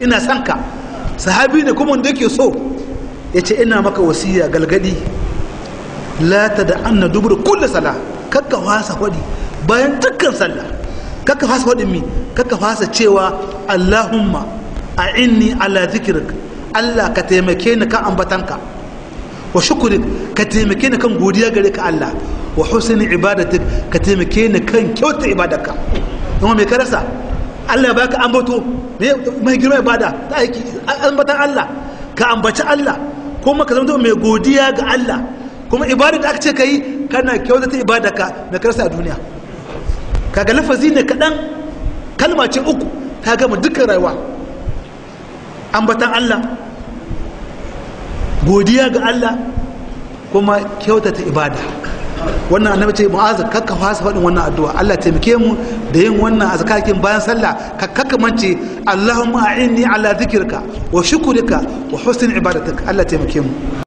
ina son ka sahabi ne kuma da yake so ya ce ina maka wasiya galgadi lata da anna dubur kulle sala kakka fasa kwadi bayan dukkan sallah kakka fasa kwadin mi kakka fasa cewa allahumma a inni ala zikirik allah ka taimake ni kan ambatanka wa shukurik ka taimake ni kan godiya gare ka allah wa husni ibadatik ka taimake ni kan kyauta ibadarka kuma me ka rasa Allah ka ambato mai girma ibada ta aiki ambatan Allah ka ambaci Allah kuma ka zama mai godiya ga Allah kuma ibada da aka ce ka yi kana kyautata ibada ka na karsa a duniya kaga lafazi ne kaɗan kalma ce uku ta gama dukkan rayuwa ambatan Allah godiya ga Allah kuma kyautata ibada wannan annabi ce mu'az kakka fasa faɗin wannan addu'a Allah taimake mu da yin wannan azkakin bayan sallah ka kakka mance Allahumma a'inni ala dhikrika wa shukrika wa husni ibadatik Allah taimake mu